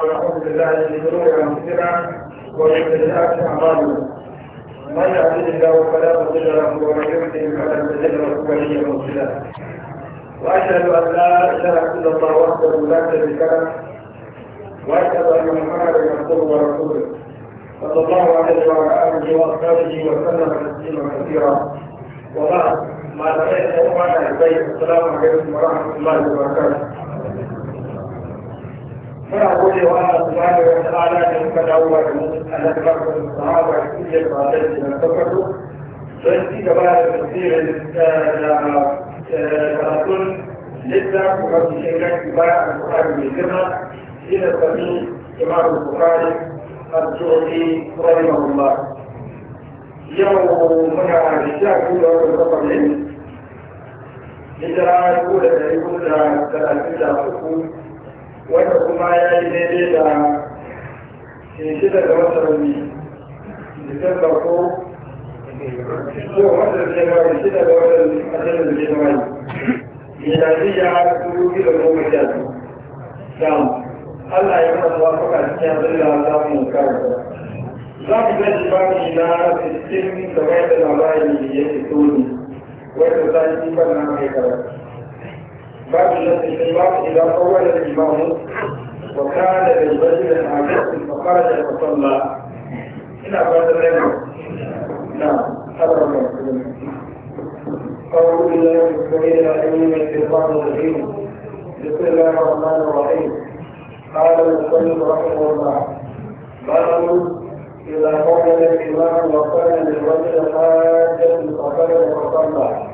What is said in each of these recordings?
ونعوذ بالله من شرور انفسنا ومن سيئات اعمالنا من يهده الله فلا مضل له ومن يضلل فلا مضل له وليا واشهد ان لا اله الا الله وحده لا شريك له واشهد ان محمدا عبده ورسوله صلى الله عليه وعلى اله واصحابه وسلم تسليما كثيرا وبعد ما لقيت يوم البيت السلام عليكم ورحمه الله وبركاته muna gode wa Allah subhanahu wa ta'ala da muka dawo da mu Allah barkatu sahaba da kike fatan da tabbatu don ci gaba da tafsirin da karatun littafin mafi inganci bayan alƙur'ani mai girma shi da sami imam bukhari al-jurdi rahimahullah yau muna da sha biyu da wani safar ne hijira ko da dari da talatin da uku wanda kuma ya yi daidai da shida da wata rabi disamba ko ko wata shekara shida da wata cikin da shida mai miladiya dubu biyu da goma sha biyu samu Allah ya mana kuka cikin yanzu da za mu kawo za mu zai ga bani na cikin da wata labari ya fito ne wanda za shi ban na mai karatu باب الاستشفاق إذا طول الإمام وكان للرجل حاجة فخرج وصلى إلى بعد العلم نعم هذا الله أعوذ بالله السميع العليم من الشيطان الرجيم بسم الله الرحمن الرحيم قال المصنف رحمه الله باب إذا قال الإمام وكان للرجل حاجة فخرج وصلى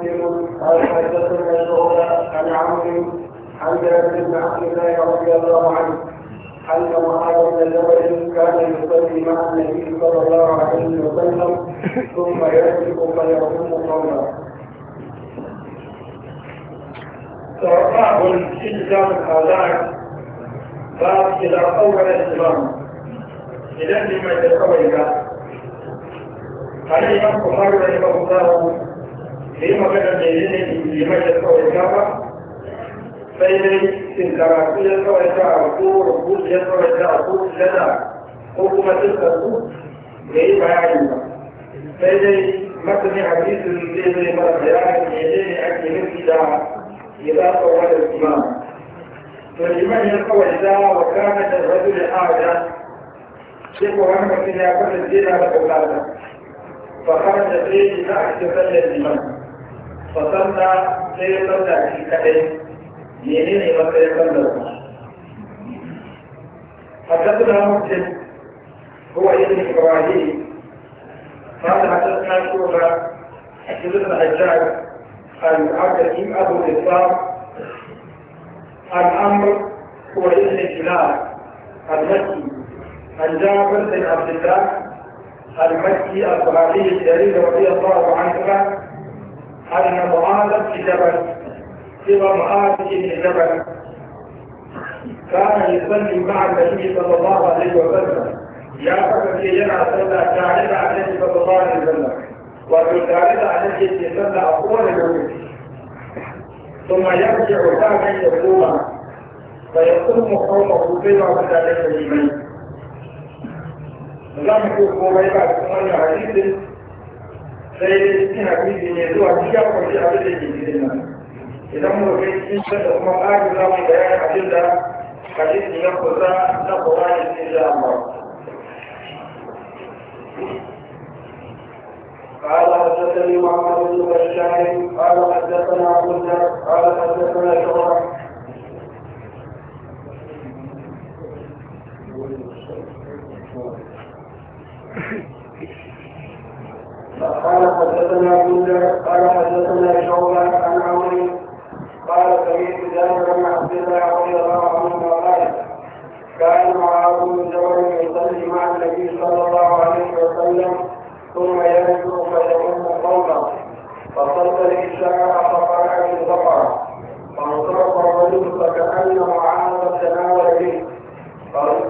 مسلم قال عن عمرو عن بن عبد الله رضي الله عنه أن معاذ بن جبل كان يصلي مع النبي صلى الله عليه وسلم ثم يسلك فيقوم قوما. توقعه الإلزام الآذان باب إذا طول الإمام إلى لما يتقوي عليه أن مرة da yi magana mai ne ne liman ya kawai ta ba sai dai cin karatu ya kawai ta a ko rubutu ya kawai ta a ko sujada ko kuma cin karatu da yi bayani ba sai dai مثل حديث الذي ما بيان يدين أكل مثل إذا طول الإمام فالإمام يقول إذا وكانت الرجل حاجة يقول أنه في يأكل الدين على أولاده فخرج فيه إلى أحد الإمام fasalla sai ya salla shi kadai mene ne maka ya salla ku حدثنا مسلم هو ابن ابراهيم قال حدثنا شعبه حدثنا الحجاج عن عبد الحكيم ابو الاسلام عن عمرو هو ابن هلال المكي عن جابر بن عبد الله المكي الصحابي الجليل رضي الله عنهما أن معاذ بن جبل سوى معاذ بن جبل كان يصلي مع النبي صلى الله عليه وسلم يا فقط يجمع صلى تعالى صلى الله عليه وسلم وتعالى على النبي صلى أقوال الوجه ثم يرجع ثاني يقوم فيقوم قومه بما بدأ لك لم يكن قريبا ثمانية الحديث sai ina kudi ne zuwa shi ya kwanci abin da ke gidan nan idan mu kai cikin can da kuma ƙarin za mu yi bayanin abin da hadisi ya kusa na Qur'ani insha Allah قال حدثني محمد بن بشار قال حدثنا عبد قال حدثنا شعبة Thank you. قال حدثنا بندر قال حدثنا شعبة عن عمرو قال سمعت جابر بن عبد الله رضي الله عنهما قال كان معاذ بن جبل يصلي مع النبي صلى الله عليه وسلم ثم يرجع فيقوم قومه فصلت العشاء في بالبقره فانصرف الرجل فكان معاذ تناول به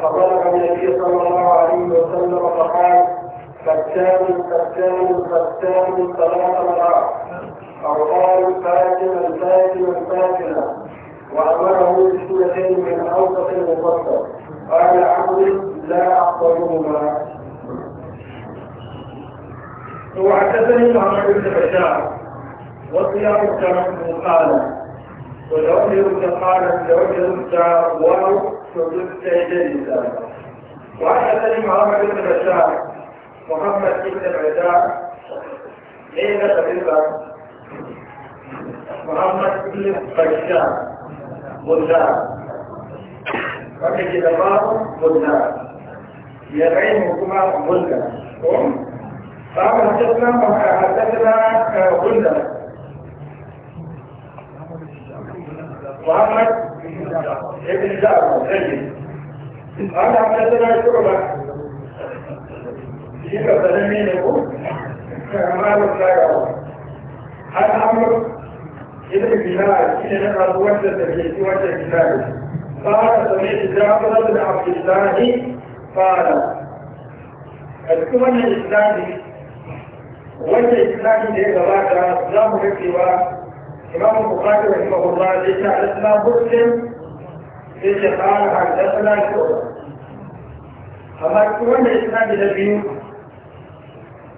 فطلب النبي صلى الله عليه وسلم فقال فتان فتان فتان ثلاث مرات أو قال فاتنا فاتنا فاتنا وأمره بسورتين من أوسط المفصل قال عمرو لا أقبلهما وحدثني محمد بن بشار وصيام كرم قال وجوهر قال جوهر واو فجبت جلسا وحدثني محمد بن بشار محمد بن العزاء ليلة بالبر محمد بن بشار مزار وكي دمار مزار يدعيهما غلة قال حدثنا حدثنا غلة محمد بن جعفر قال حدثنا شعبة shi ka sananne ne ko kamarin tsarawa har amur ita bilal shi ne na kasuwar da take ci wacce bilal fara sami da jafarar da abdullahi fara a cikin wannan islami wanda islami da ya gabata za mu ga cewa imam bukhari rahimahullah zai ta alislam muslim sai ya fara hadasa na shi amma cikin wannan islami da biyu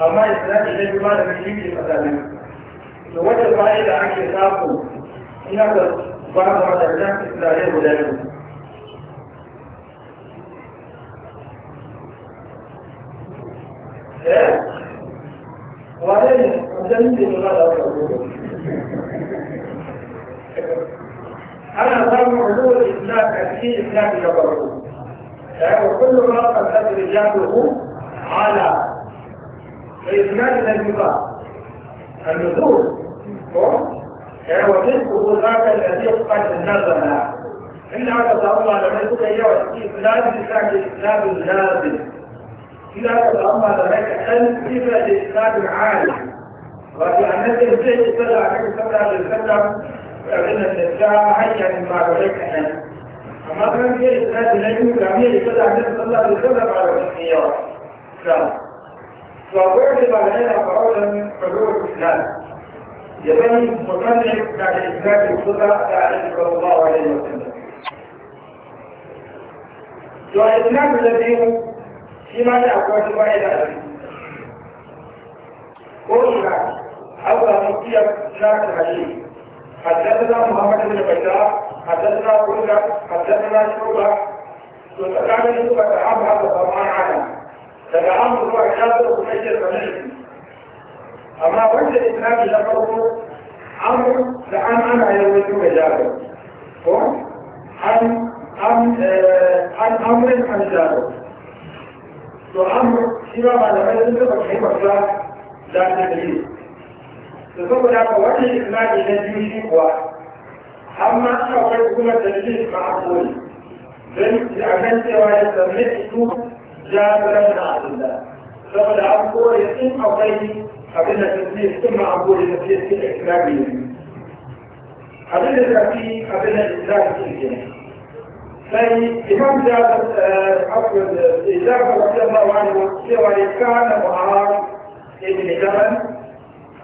amma islami da juma da mai yi matsalin da wata fa'ida ake samu ina da ba da wadannan islami guda biyu wane ne wajen yi da da ana samun ruwa islam a cikin islam da farko da yawa kullum ma kan sabbi rijaluhu ala الإسلام من النزول هو تسقط يعني هذا الذي قد نزل إن هذا الأمر لما يقول إياه إسلام لسان الإسلام اللازم إن هذا الأمر لما يقول الإسلام العالم وفي أن الزيت صلى الله عليه وسلم فإن النساء هيا مما عليك أما كان في إسلام لم يكن صلى الله عليه وسلم على الإسلام فوجب علينا قرارا من حضور الاسلام يبني مصنف بعد اثبات الهدى عليه صلى الله عليه وسلم والاسلام الذي فيما يعقد الى ابيه قل حول مكية شاك عليه حدثنا محمد بن بشار حدثنا قلنا حدثنا شعبة وتكامل سوء تعامل هذا فرمان عنه daga amur zuwa kafin kuma ke tsanani amma wanda islami na farko amur da an ana yin wasu ga jaro ko an an amurin an jaro to amur shi ba malamai sun taɓa kai masa da ta dalili da saboda ka wannan islami na biyu shi kuwa amma akwai kuma dalilin ma'amuri don a kan cewa ya sami su جابر بن عبد الله فقد عبدوا يقيم حواليه قبل تسليم ثم عبدوا لتسليم في الإكرام قبل التأكيد قبل الإسلام في الجنة فالإمام جابر آه، عفوا جابر رضي الله عنه سوى كان معاذ بن جبل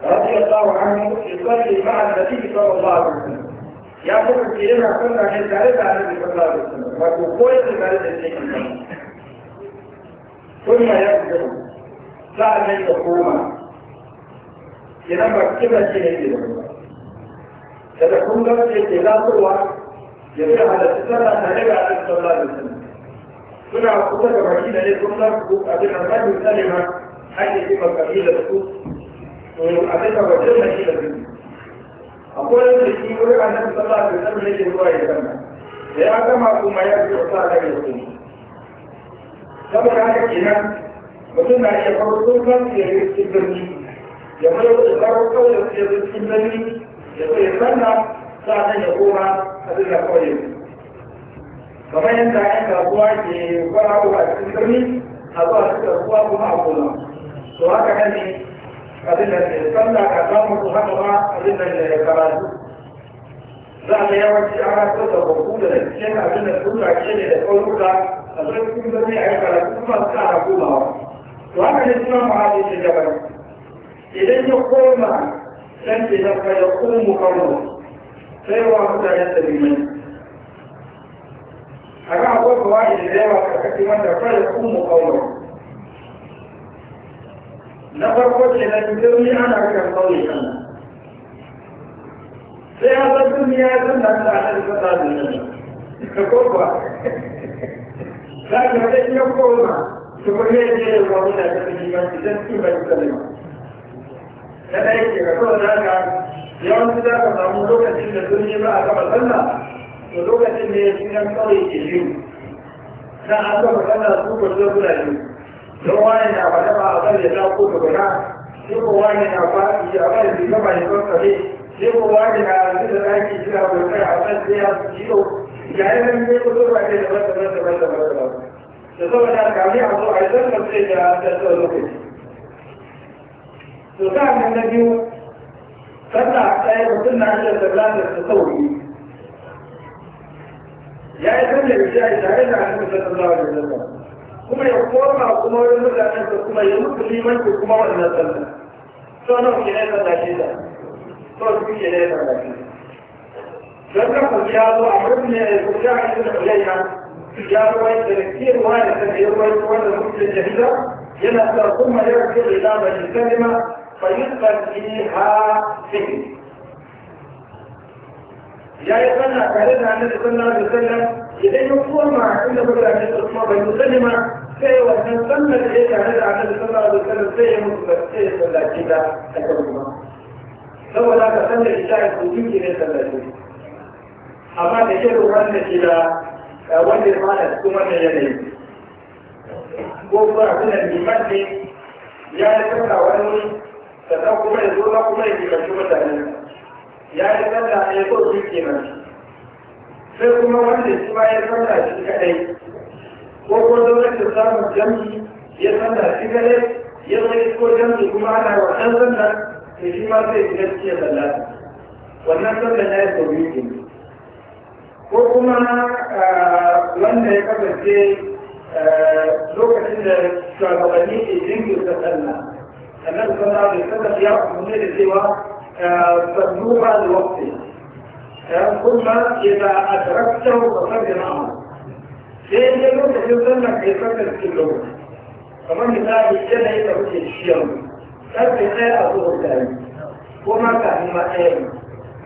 رضي الله عنه يصلي مع النبي صلى الله عليه وسلم يقول في لنا كنا من عن النبي صلى الله عليه وسلم وكل ثلاثة ثم يقدر فعل الحكومة koma idan ba kira ce ne ke da daga kun gaske ke zasowa ya fi halatta sallah tare da abin sallah da sallah suna kusa da baki da ne kun أن abin alfajin salima ake ce ba kabila su to abin da wajen na shi da su akwai wani jiki wurin saboda haka kenan mutum na iya farko kan ya yi cikin birni ya mai da farko ya yi cikin birni ya sai sanna sa'an ya koma a duka kauye kamar yadda ƴan kasuwa ke fara a cikin birni a zuwa cikin kasuwa kuma a kula to haka ne abin da ke sanna ka samu su haka ma abin da ke karatu za a yawanci ana so sababbu da cikin abin da sun race ne da ƙauyuka a sarkin birni a yi karatu masu ƙara komawa to haka ne suna muhalli shi gaban idan ya koma can ke nan kada umu kawo sai wa mutane da limani a kan akwai kowa da yawa karkashin wanda kada umu kawo na farko ke nan birni ana kan ƙauye kan sai ya san duniya ya san da ta ana da kasa da nan ka za ka ga iya koma su kuma ya ce da da ta fi ba su san ba su kalima na ɗaya ke ka kawai za ka yawanci za ka samu lokacin da duniya ba a gaba sallah to lokacin ne ya fi kawai ke biyu na an gaba sallah su ko zo guda don wani na ba da ba a kan ya ta ko da guda ko wani na ba ya ba ya ba gaba ya kan sai ko wani na yanzu da zaki kira bautar a kan sai ya su ciwo ga yi nan zai kusa ba ke da bata bata bata bata bata da saboda kami a zo a yi zan mace da ta tsawon lokaci to sa nan na biyu sallah ɗaya mutum na iya sallah da ta sauri ya yi sallah da shi a tare da annabi sallallahu alaihi wasallam kuma ya koma kuma wani mutanen kuma ya mutu limanci kuma wannan sallah sau nawa ke nan sallah shi da صوت في شيء ذكر الجاد وعمرنا الكفار بن حليمة الجاد والتذكير والتغيير فيدخل فيها فكر يا يتنى كلمة النبي صلى الله عليه وسلم إذا يقوم مع كل بدر عن الأسماء بالمسلمة sai wannan sannan da ya tare da annabi saboda ka san da shi ya kuju ke ne sallaci amma da ke ruwan da shi da wanda ya fara cikin wannan yanayi ko kuma abin da liman ne ya yi tsaka wani sannan kuma ya zo ba kuma ya kimanci mutane ya yi tsaka ya ko su kenan sai kuma wanda shi ma ya tsaka shi kadai ko ko zama samun jami'i ya tsaka shi kadai ya zai ko jami'i kuma ana wasan nan. to shi ma zai gaskiya da lafi wannan sallar ya yi tauhidi ko kuma wanda ya kasance lokacin da shugabanni ke jinkirta sallah sannan sallah da sallah ya umarni da cewa sallu ba da wakti ثم إذا أدركته فصل معه sai ne lokacin sannan kai sakar cikin lokaci kamar misali yanayi da kuke ciyar karfe ɗaya a zuwa gari ko ma kafin ma ɗaya ne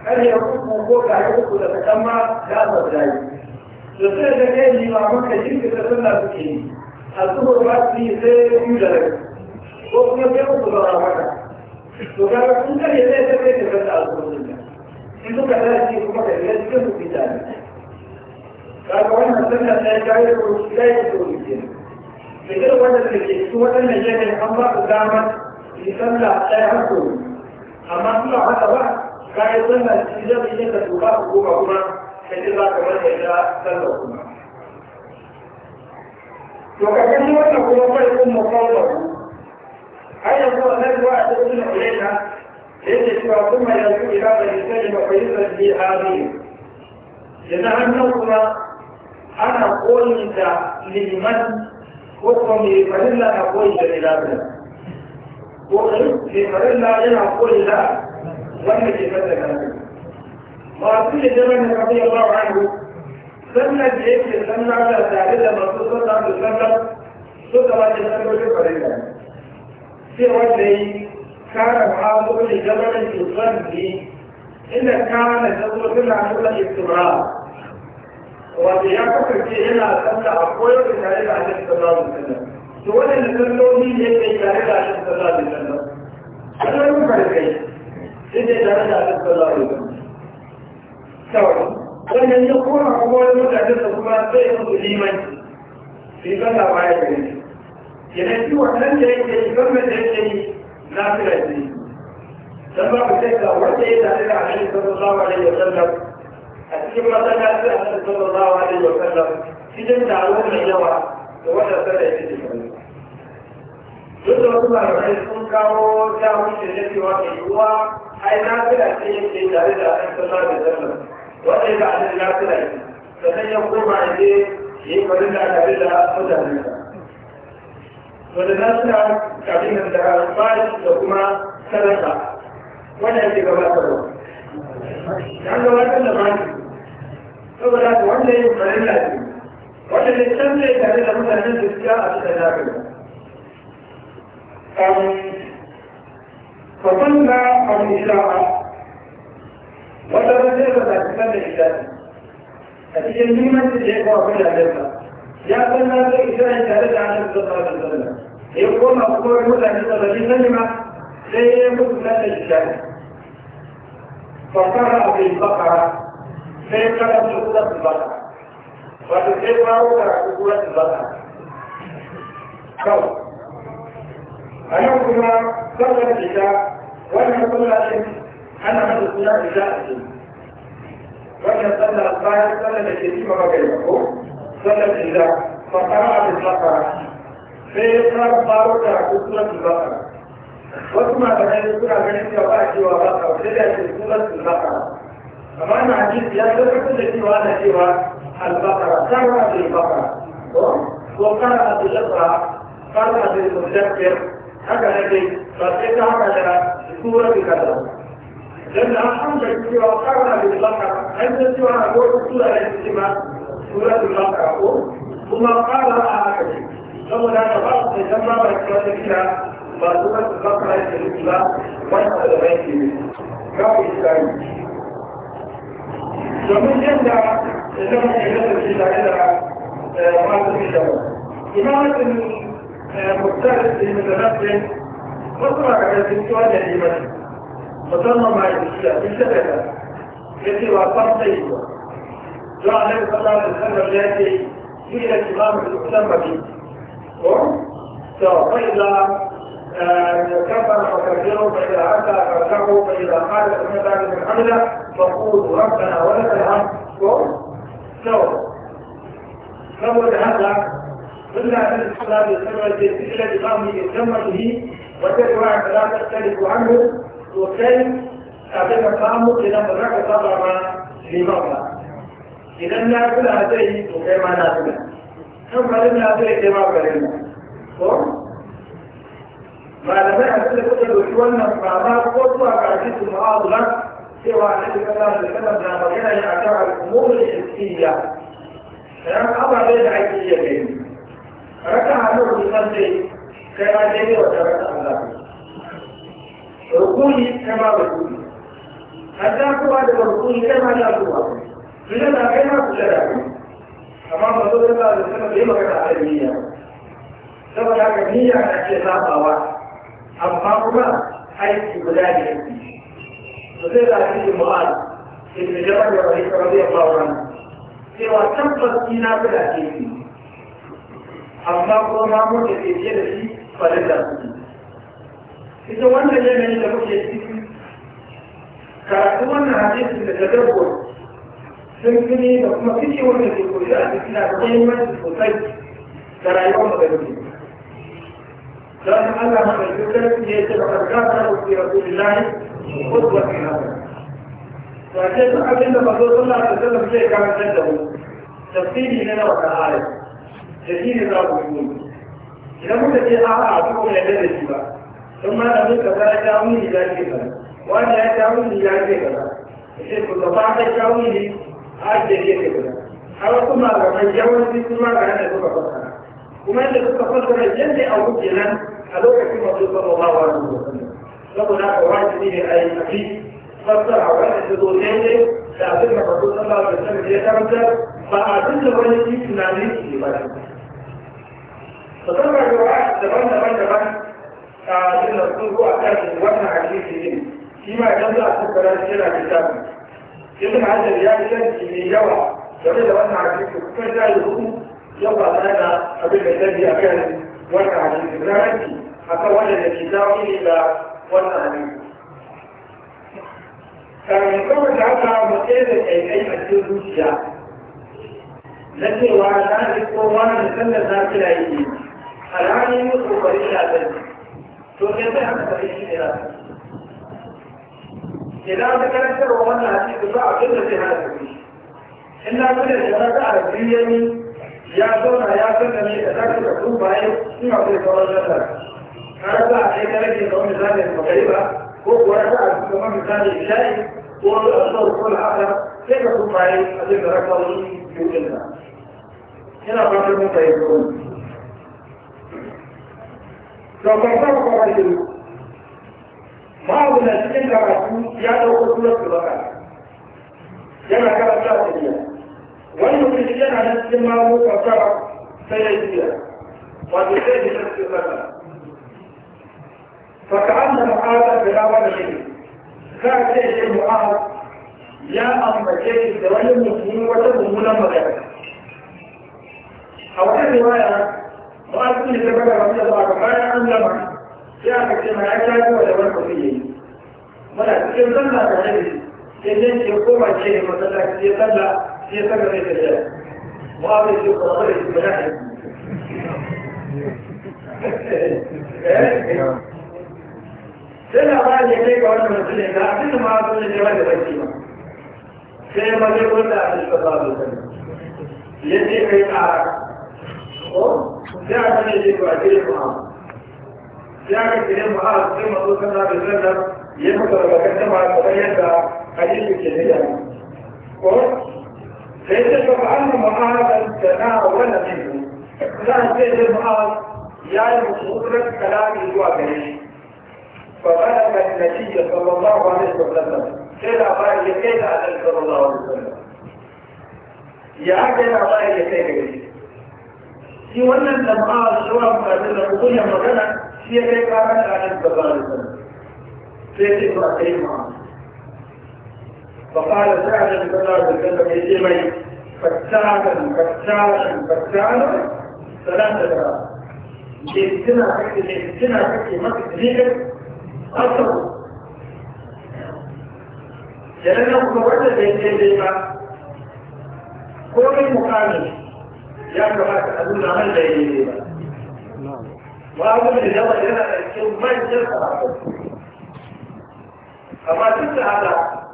karfe uku ko kafin uku da kaɗan ma za a zuwa gari to sai da ɗaya ne ma maka jirgin da sallah suke yi a zuwa ba su yi sai biyu da rai ko kuma sai uku da maka to kaga kun karfe ɗaya sai kai ka kasa a zuwa gari in suka dace kuma ka biya cikin su fita ne kaga wannan sallah ta yi kayan da kuma shi ya yi da kuma ke. Mai irin wannan da ke cikin waɗannan yanayin an ba su damar في سملة لا يحكم أما كل هذا بقى كان يسمى الاستجابة إليك تلقى حكومهما كتبا كمان إلى سلوكما وكأن ان يكون يكون مصابه أي هو الذي واحد يقول إليها ليس سوى ثم يرجو إلى الإنسان وفيصل في هذه لأنها النظرة أنا قلت لمن حكم فلله أقول جلالنا domin shekarun na yana kone da wannan shekar da kan masu da jiran da kafin yawa wa hannu sannan da yake sannan da tare da masu sassa da sannan su gaba da sannan farin da sai wanda yi kara hamu da jamanin tusan ne inda kara da sassa suna nuna istimara wanda ya kasance yana sannan a koyar da tare da hannun sallallahu alaihi wasallam to wannan kalmomi ne kai tare da shi sallallahu alaihi wasallam Allah mun farkai sai da tare da shi sallallahu alaihi wasallam kawai wannan ya koma kuma wani mutane da kuma sai musu limanci sai ka ta baya gare shi kenan shi wannan da yake yi gwamnati da yake yi na fira shi dan ba ku sai ka wanda ya tare da shi sallallahu alaihi wasallam a cikin masallacin Allah sallallahu alaihi wasallam cikin taro mai yawa da wannan sallar ita duk da sun kawo damar da na cewa ke yiwuwa ai na fila ce yake tare da an sallar da sallar wanda ya ga na fila ce sannan ya koma ya je ya yi da tare da mutanen sa wanda na suna kafin da bayan da kuma sadaka wanda yake gabatarwa Ya gabatar da bayan saboda wanda ya yi farilla ce wanda ne can ne tare da mutanen gaskiya a cikin zaɓi فقلنا عن إشاعة وترجل ما كان إشاعة التجميع ما تجيب وعبد الله يا قلنا إشاعة ترجع عن الصلاة والسلام يقول أقول مثلا صلاة كلمة سيكون لنا إشاعة فقرأ بالبقرة سيقرأ سورة البقرة wato sai kawo karatu suratul baqara kawai a nan kuma sallar isha wannan sallar din ana mata suna isha a ce wannan sallar bayan sallar da ke cima magana ko sallar isha fa qara'a bil baqara sai ya kawo karatu suratul baqara wasu malamai suna ganin cewa ba cewa ba kawai sai da ke suratul baqara amma na hadisi ya tabbatar da cewa ana cewa البقرة البقرة بالبقرة وقرأ بالإقرأ المذكر بالمذكر هكذا فالإقرأ هكذا سورة كذا لأن الحمد لله قرأ بالبقرة عند سوى أقول سورة الاجتماع سورة البقرة ثم قرأ هكذا ثم لا تبقى تجمع بإخوان فيها فسورة البقرة الاجتماع وإنها لغاية كافي إسرائيل domin yadda zama ke kasance tare da masu fitarwa imanin muktar da yi mutanafin wasu makarantar cewa da liman musamman ma yi shiya sun shaka da ya ce ba kwan sai ba don annabi sallallahu alaihi wasallam ya ce shi da imamu da kusan mafi ko to fa ila كفر فكبره فإذا عدى فرجعه فإذا قال سمع ذلك من حمله فقولوا ربنا ولك الحمد شكرا نعم. فهو هذا إلا أن الحلال يسمى الجنسية لقامه يسمى به وتدعى لا تختلف عنه وكي أبدا قامه إلى مدرك طبعا لمرة إذا لا كل هذين وكما نازلة ثم لنا هذين كما قلنا malamai a cikin suka doki wannan fama ko zuwa ƙarshe su ma'adula cewa a cikin kasa da kasa da magana ne a kan al'ummomin shirkiya ran ababe da ake iya gani raka hannun rusan dai kai ma dai ne wata raka Allah rukuni kai ma rukuni hadda kuma da rukuni kai ma da kuma kula da kai ma kula da amma mazo da Allah da sanar da yi magana a niyya saboda haka niyya ake sabawa أربعهما الاستبدال الانسي وزي هذه المراد ابن جبل الرئيس رضي الله عنه سوى تنقل فينا بلا كيفي أما هو ما مرد في جلسي فلذا إذا وانا جانا إلى مجلسي karatu wannan hadisin da tadabbur sun fi da يقول fice wannan ke koyi da a cikin da muhimmanci sosai da rayuwar mu da لأن الله من الجدد ليس لقد كان في رسول الله قدوة في هذا فأجيت أبن الرسول صلى الله عليه وسلم شيء كان جده تفسيري لنا وكالآية جديد الله يقول إذا كنت في أعطيكم يدد الشباب ثم أنا أبنك فلا تعوني إلى الجبل وأنا لا تعوني إلى الجبل الشيخ الضباع تعوني أجل الجبل أو ثم أبنك يوم في ثم أبنك تبقى kuma yadda suka fassara yadda a wuce nan a lokacin masu sallallahu alaihi wa sallam saboda haka wajibi ne a yi tafi fassar a wani da zo daidai da abin da masu sallallahu alaihi wa sallam ya karantar ba a duk da wani yi tunani ne ba da musamman ga wa daban-daban daban a yin da sun zuwa kan wannan hadisi ne shi ma idan za a tattara shi yana littafi ibn hajar ya yi shanki mai yawa game da wannan hadisi kuma ya yi hukum yau ba tare da abin da ya a kan wannan hadisi ranar akan wannan da ke dawo ne da wannan hadisi kamin kawai da haka matsayi da ƙaiƙai a cikin zuciya na cewa na ji ko wani sallar na kira yake alhali yi kokarin shafin to ne sai haka kare shi ne rafi idan ta karantar wa wannan hadisi ba abin da zai hada da shi in na kula da wata arabiyyani ya zauna ya san da ne da za ka zaɓu bayan in akwai sauran nasara har za a kai tarihi da wani zane da kai ba ko kuwa za a kuma misali shayi ko al'asar ko al'asar sai ka kuma bayan abin da raka wani yukin na yana fatan mun fahimta wani to kan sa ku ba shi babu na cikin karatu ya ɗauko surar su baka yana karanta da biyar wani mutum yana nan cikin mamu kwakwara sai ya yi biya wato sai ya yi cikin sallah فكأن معاذ بلا شيء كان شيء معاذ يا أما شيء دوال المسلمين وتبهمون مغيرك أو هذه رواية معاذ بن جبل رضي الله عنه قال أن لما جاء كما أجاب ولم فيه ولا تكلم لا تعرف إذن يقوم شيء مثلا يتلى في سبب الدجال وهذا يشوف الطريق بنحن سنة بعد يليك وانا مسلم لا أبدا ما أقول الجواب بسيما سنة ما يقول لا أبدا الشباب يجي في العراق سنة يجي في عجيل معاذ سنة كريم معاذ كما قلت لنا بالسنة يمكن أن تكتب على قضية حديث الكلمة ko ليس تفعل معارضا تناول منه لا سيد المعارض يا المصدر كلام يجوا بريش فبلغ النتيجة صلى الله عليه وسلم سيدا بارك يكيد على صلى الله عليه وسلم يا كيدا بارك يكيد بريش shi wannan jama'a شوى mutane da hukunyar magana shi ya kai kamar da ake gaba da فقال سعد صلى الله عليه وسلم فتانا فتانا فتانا ثلاثة مرات جئتنا فكي جئتنا فكي ما ذكر أصل لأنه مبعد بين بينما كل مقام يعني هذا أقول عمل بين بينما وأظن إذا وجدنا الكلمة جلسة أما تسعى هذا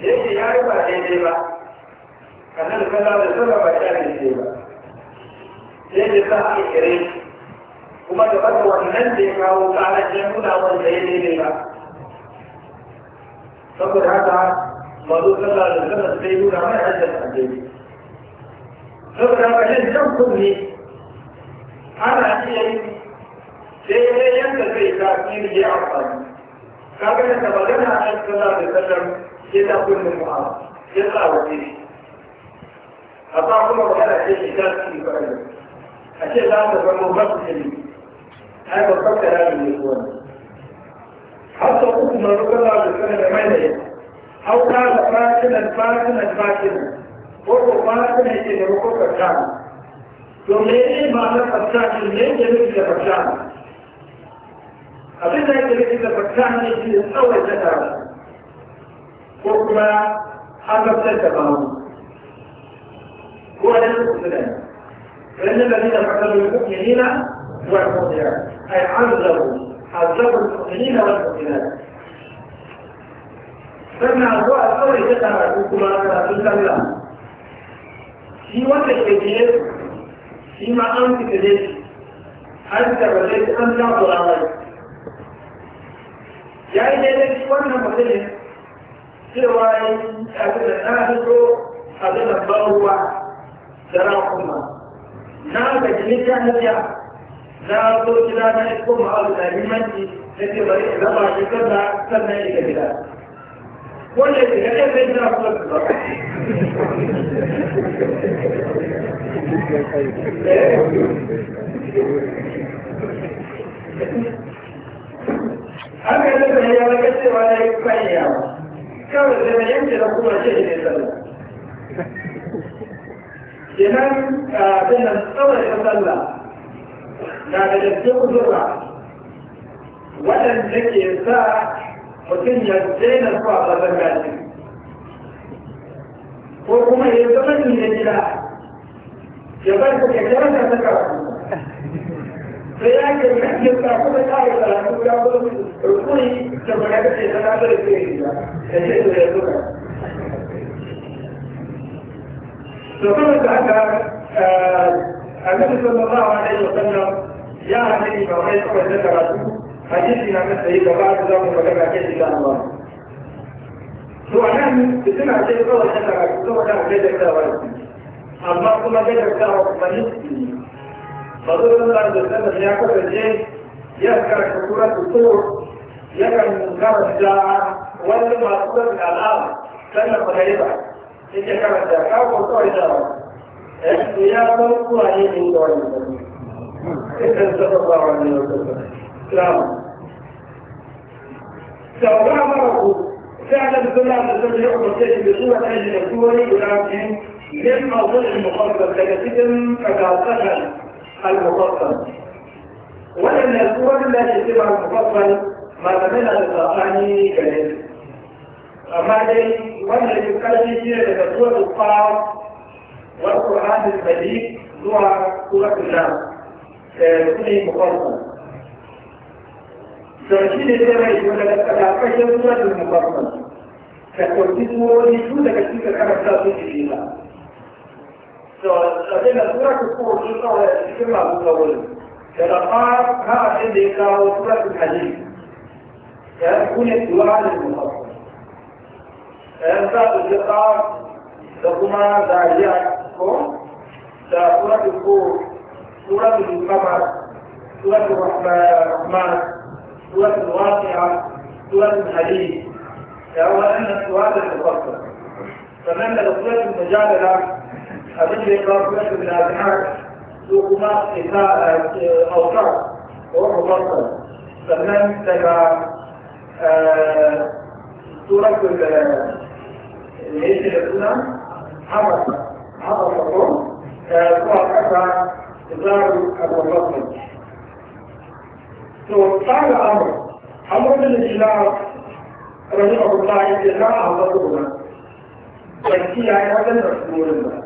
da yake ya yi ba daidai ba annan kada da sura ba ya daidai ba sai da sa aka kere kuma da bata wannan da ya kawo karar ya nuna wanda ya daidai ba saboda haka mazo sallah da sallah sai nuna mai hajjar a daidai saboda haka yin jan kunni ana iya yin dai yadda zai tasiri ya amfani kaga da magana a sallah da sallah يسا كل المعارض يسا وزيري أطاع كل مكان أشياء إشتاك في فعله أشياء لا تفعله بس جميل هذا فقط هذا الإخوان حتى أقول ما نقول الله بالسنة ماذا أو قال فاكنا فاكنا فاكنا وهو فاكنا يجب أن يكون فاكنا domin yin ma'anar fasahar ne yake nufi da fasaha abin da yake nufi da fasaha ne shi ne tsawon jana حكم حكم ثلاثة قانون هو ليس الاستدلال فإن الذين حكموا المؤمنين والمؤمنات أي عذبوا عذبوا المؤمنين والمؤمنات فإن أبواء الثوري ذكر حكم رسول الله في وقت كبير فيما أنت كذلك هل تبليت أم لا تغير يعني ذلك شوان المؤمنين cewa yi abin da na fito abin da ruwa da na ga na zo gida na isko ma'aru da limanci na ce bari shi kanna sannan gida wanda eh? ga ɗan kuma ba haka yadda ya cewa ya yi kwaye kawai da yanke na kuma ce ne sallah kenan abin nan tsawon ya sallah na da gaske uzurra waɗanda ke sa mutum ya daina zuwa masallaci ko kuma ya zama ne na gida ya bar kuka ya karanta ta karatu فياكل من يطلع كل شيء على كل يوم ركوي كما نقول في هذا الشيء فقال هذا النبي صلى الله عليه وسلم يا أهلي ما رأيت وذكرت حديثنا مثل إذا بعد ذلك وذكر كيف إن شاء الله وأنا بسمع شيء قوي ذكرت قوي ذكرت الله كما ذكرت ومن يسلم فضل الله عز وجل يا كفر يذكر كثرة الطرق يكن منكر الجاعة ولا معصولة الألعاب سنة قريبة إذا كانت ذكاء وطوى إدارة يا ملك وعليه من دون المسلمين إذا صلى الله عليه وسلم سلام نعم. سأقرأ معه فعلا بكل هذا الزمن يحكم الشيء بصورة أجل الدول ولكن لم أظن المخالفة لكتب فكالتها المفصل ولأن الصور التي تبع المفصل ما تمنع القرآن كذلك أما دي وانا يتكلم فيها لك سورة القاف والقرآن المجيد سورة سورة الناس آه، كله مفصل فشين الزمن يقول لك أتعقش سورة المفصل كتبتي سورة لشو لك سورة الحمد abin da suratul ko sun kawo da cikin masu kawo daga fara ka abin da ya kawo suratul hadid ya kune du'a da muhammad ya sa su ji da kuma zariya ko da suratul ko suratul kamar suratul rahman suratul wasi'a suratul hadid ya wannan suratul mufassal sannan daga suratul mujadala abin da ya kawo kuma da azhar su kuma isa autar ko mubassal sannan daga suratul da yake da suna habasa habasa ko zuwa kasa zaru al-mubassal to tsara amur amur da islam رحمه الله تعالى أعطته لنا. فكي يعني هذا المسؤول منه.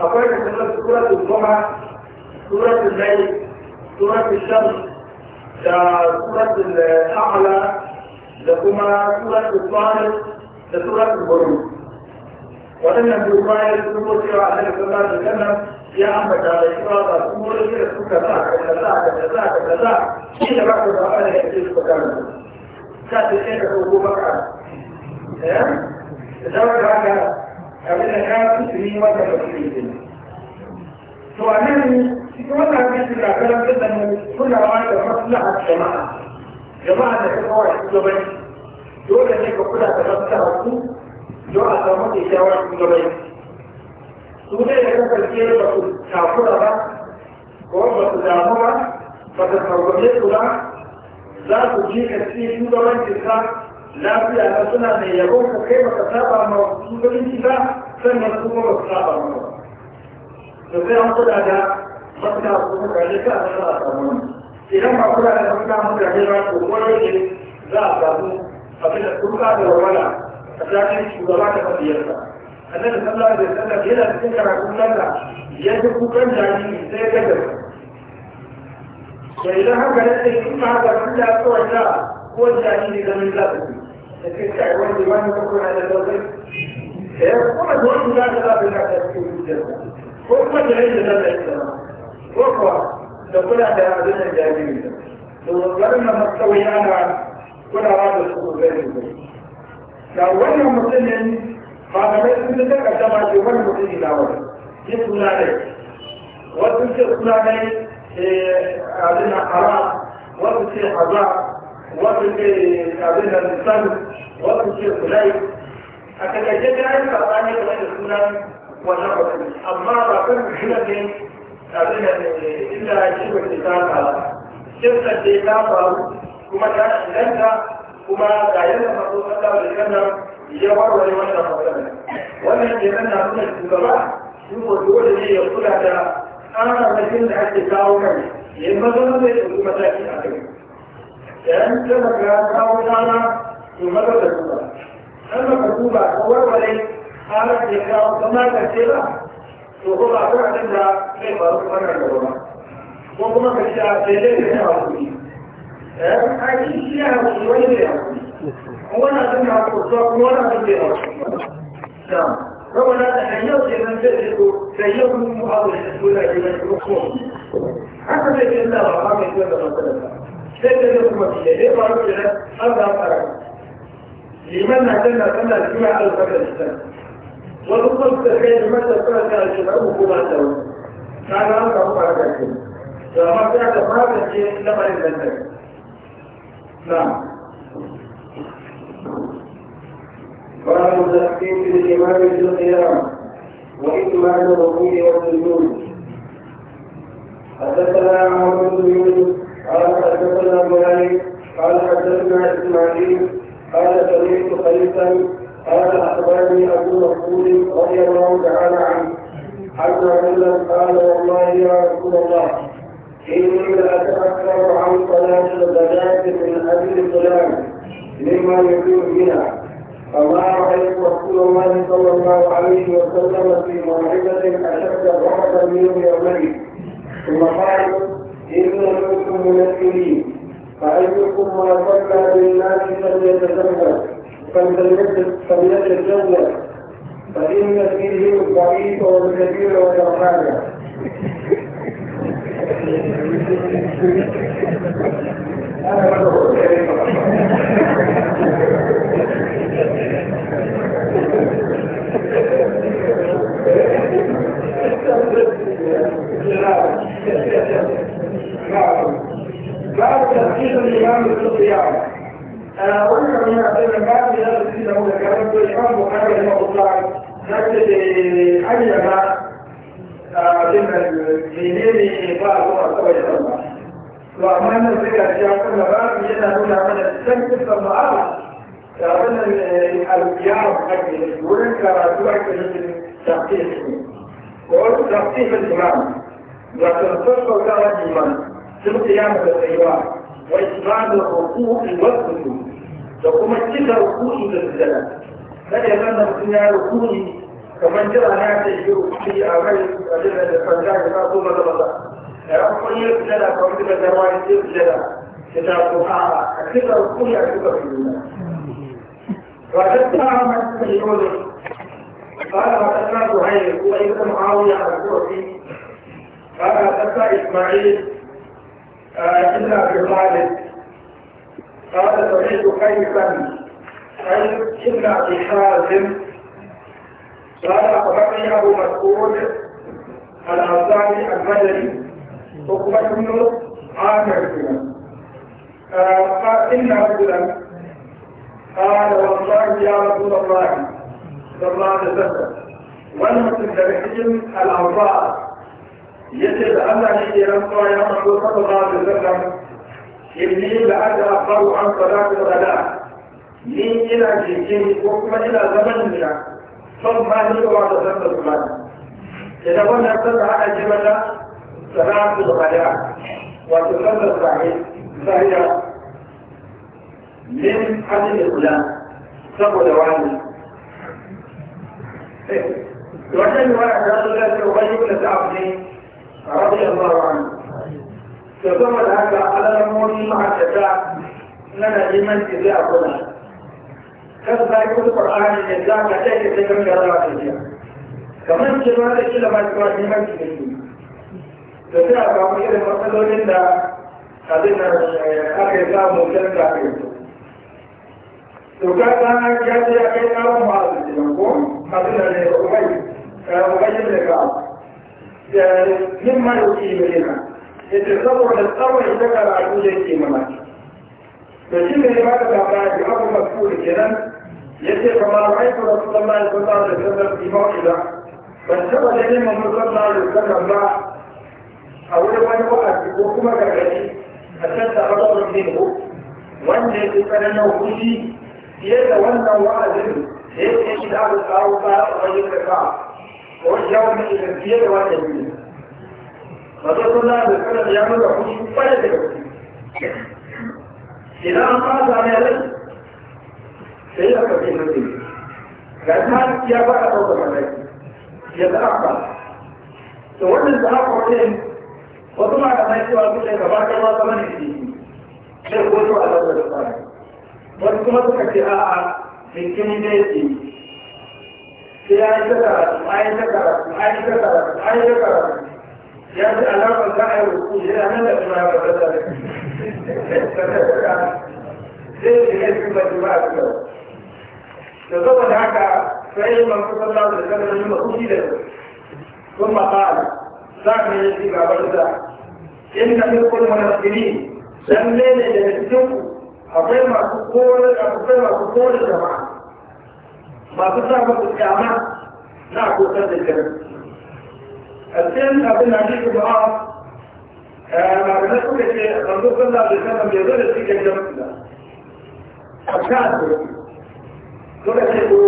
أقول لك سورة الجمعة سورة الليل سورة الشمس آه، سورة الأعلى لكما سورة الطارق سورة البروج وأن في رواية سورة عليه الصلاة والسلام يا أحمد على إشراق الأمور كذا كذا كذا كذا كذا كذا ذاك إلى ذاك إلى بعد الرحمن يأتي سكة كانت الشيخ أبو بكر إيه؟ إذا abin da ka suturi maka da kuɗi ne to a nan cikin wannan abin da ka karantar da mu kulawa da maslahar jama'a jama'a da ta kawai shugabanci dole ne ka kula da maslahar su don a samu kyakkyawar shugabanci su ne ya kasance ba su takura ba ko ba su damu ba ba su tarbace su ba za su je ka cikin shugabancin sa lafiya na suna mai yabon ka kai baka saba ma shugabanci ba sannan kuma ba su saba ma ba to sai an kula da mafita ko mutane ka a sa a samu idan ba kula da mafita mutane ba to kwarai ne za a samu abin da turka da wala a tsakanin shugaba da mafiyarsa annabi sallallahu alaihi wasallam yana cikin karatun sallah ya ji kukan jariri sai ya gaza da idan haka ne sai kuma haka sun da kawai da ko jariri ganin lafiya لكن تعود لمن يكون على الوزن وما تقول لا تلا بالعكس في الجنة وما تعيش لا تعيش وقوة تقول هذا عبدنا الجاهلية لما نستوي أنا ولا هذا الشكور بين البيت لو وانا مسلم ما لم يكن لك كما يقول مسلم إلى وجه يسكن عليه وتسكن عليه عبدنا حرام وتسكن حرام wasu ce abin da misali wasu ce kulai a takaice da ya yi sabani game da suna wannan mutum amma ba kan sunan ne abin da inda shi ba ke zaka ba shirka ce ta faru kuma ta inganta kuma ga yadda masu kasa da kanna ya warware wannan magana wannan ke nan na nuna shugaba shi ko dole ne ya kula da tsara da ake kawo kai ya yi mazauna da ya mataki a kai da yan sama ga ya kawo dama to maza da duba an maka duba ka warware halar da ya kawo ka magance ba to ko ba ka abin da zai faru kuma nan gaba ba ko kuma ka ci a daidai da yawa kuɗi ɗayan haƙi shi ya haƙi wani da yawa kuɗi wani abin da haƙi kuwa kuma wani abin da yawa kuɗi ربنا تحيوت من ذلك فيوم مؤول الأولى إلى الحكم حسب الله وعامل كل ما سلفه sai da zai kuma fiye ya faru ke nan har da fara liman na can na tana juya albarkar shi wani kuma su da kai liman da suna kan shi na uku ba ta wani ta na an samu fara da shi da ma ta da fara ce lamarin nan da na باب تخفيف الإمام في القيام وإكمال الركوع والسجود حدثنا عمرو بن يونس قال حدثنا مالك قال حدثنا اسماعيل قال سمعت خليفا قال اخبرني ابو مسعود رضي الله تعالى عنه حتى قال والله يا رسول الله اني لاتاخر عن صلاه الغداة من اجل فلان مما يكون بها فما رايت رسول الله صلى الله عليه وسلم في موعظه اشد ضعفا منه يومئذ ثم قال إن ربكم منكرين فأيكم ما صلى بالناس فليتزوج فليتزوج فإن فيه الضعيف والكبير والرحمة أنا rukuni kamar jira na ta yi rukuni a mai abin da fanta ya taso maza maza da rakon yin sujada kamar da dama ya ce sujada ya taso a a cikin rukuni a cikin rukuni وحدثنا من بن يوسف قال حدثنا زهير هو ابن معاويه الكوفي قال حدثنا اسماعيل ابن ابي خالد قال سمعت كيفا عن ابن ابي حازم قال أخبرني أبو مسعود الأنصاري المدني حكمة بن عامر قال إن رجلا قال والله يا رسول الله صلى الله عليه وسلم ولمسلم بهم الأنصار يجب ان إلى الله يا رسول صلى الله عليه وسلم إني لأتأخر عن صلاة الغداء من الى جيشه ko الى ina son mahimmawa da sanda zamani idan wannan sanda aka ce mata sana'atu da bada wato sanda sahiya min hannun kula saboda wani wannan yi wani ajiyar da ke wani yi da ta'abu ne a rabin Allah wa'ani da zama da haka alamomin ma'aikata na na neman ke zai a kuna kan ba yi wani ƙwar'ani ne za ka ɗaya da kan sharawa da jiya kamar ce ma da kila ma kuma neman ki da shi da sai a samu irin matsalolin da abin da aka yi samu don ka aka yi to ka ta ya ce ya kai kawo ma a zuciya ko abin da ne ya ubai ubai da ka yin ma da ke yi yana ita saboda tsawon ita karatu da ke mamaki da shi ne ya ba ka tambaya da abu masu kenan يجي كما رأيت رسول الله صلى الله عليه وسلم في موعظة فانشغل إليه من صلى الله عليه وسلم مع أول وأنا وقت وكما كان أشد غضبا منه وأن أن يتفننه به أن وأذن يجي إلى أن الأوفى ويتفع واليوم أن الزيادة والتجميل رسول الله صلى الله عليه وسلم يعمل حجي ولا تكفي إذا أنقذ عن يده sai ya kafa yin rufe ga ta ya ba a ɗaukar malaki ya za a ba to wannan za a kwanin wasu ma da mai cewa suke gaba ɗaya ma zama ne ke ne ko to a ɗaukar fara wasu kuma suka ce a a ne ke sai ya yi ta karatu a yi ta karatu a yi ta karatu a yi ta ya ji alamar za a yi rufu yana nan da kuma ya ba da sai da ya fi ba da ba a تزوج هكا فإن من صلى الله عليه وسلم يوم قتل ثم قال ساق من يجيب أبدا إن في كل المسلمين لمن يجتمع أقيم أقول أقيم أقول الجماعة ما تصاب القيامة نعقل سد الكلام السن أبن عجيب الضعاف ما بنسبة الرسول صلى الله عليه وسلم يدل في الجنة أشهد dole sai ko